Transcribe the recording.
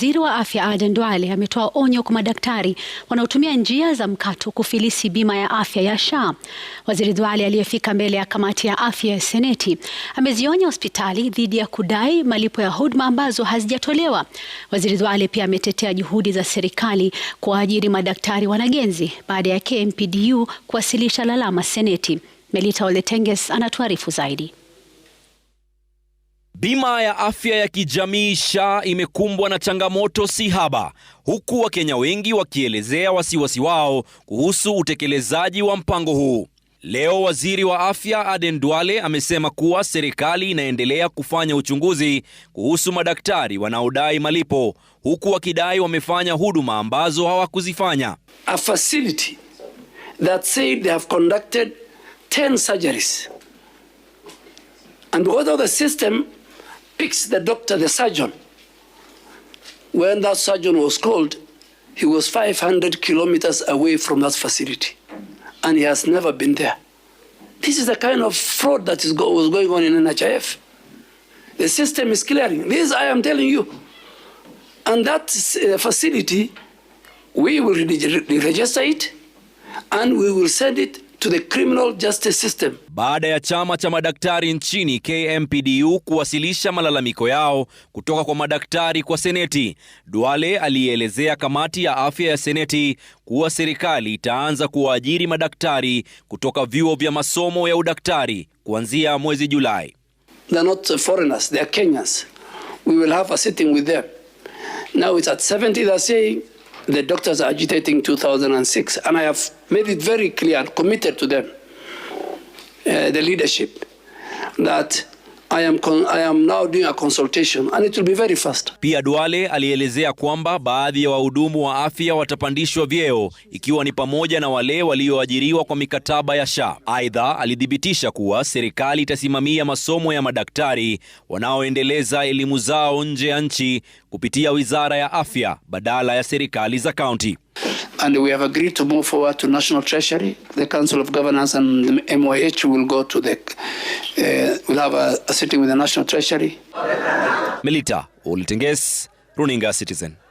Waziri wa Afya Aden Duale ametoa onyo kwa madaktari wanaotumia njia za mkato kufilisi bima ya afya ya SHA. Waziri Duale aliyefika mbele ya kamati ya afya ya Seneti amezionya hospitali dhidi ya kudai malipo ya huduma ambazo hazijatolewa. Waziri Duale pia ametetea juhudi za serikali kuwaajiri madaktari wanagenzi baada ya KMPDU kuwasilisha lalama Seneti. Melita Oletenges anatuarifu zaidi. Bima ya afya ya kijamii SHA imekumbwa na changamoto si haba, huku Wakenya wengi wakielezea wasiwasi wao kuhusu utekelezaji wa mpango huu. Leo waziri wa afya Aden Duale amesema kuwa serikali inaendelea kufanya uchunguzi kuhusu madaktari wanaodai malipo, huku wakidai wamefanya huduma ambazo hawakuzifanya. A facility that said they have conducted 10 surgeries and because the system picks the doctor, the surgeon. When that surgeon was called, he was 500 kilometers away from that facility and he has never been there. This is the kind of fraud that is go- was going on in NHIF. The system is clearing. This I am telling you. And that uh, facility, we will re- re- register it and we will send it to the criminal justice system. Baada ya chama cha madaktari nchini KMPDU kuwasilisha malalamiko yao kutoka kwa madaktari kwa seneti, Duale alielezea kamati ya afya ya seneti kuwa serikali itaanza kuwaajiri madaktari kutoka vyuo vya masomo ya udaktari kuanzia mwezi Julai. They're not foreigners, they're Kenyans. We will have a sitting with them. Now it's at 70 they're saying the doctors are agitating 2006, and I have made it very clear, committed to them, uh, the leadership, that I am con I am now doing a consultation and it will be very fast. Pia Duale alielezea kwamba baadhi ya wahudumu wa afya watapandishwa vyeo ikiwa ni pamoja na wale walioajiriwa kwa mikataba ya SHA. Aidha, alithibitisha kuwa serikali itasimamia masomo ya madaktari wanaoendeleza elimu zao nje ya nchi kupitia Wizara ya Afya badala ya serikali za kaunti and we have agreed to move forward to National Treasury. The Council of Governance and the MOH will go to the, uh, will have a, a sitting with the National Treasury. Melita Olitenges, Runinga Citizen.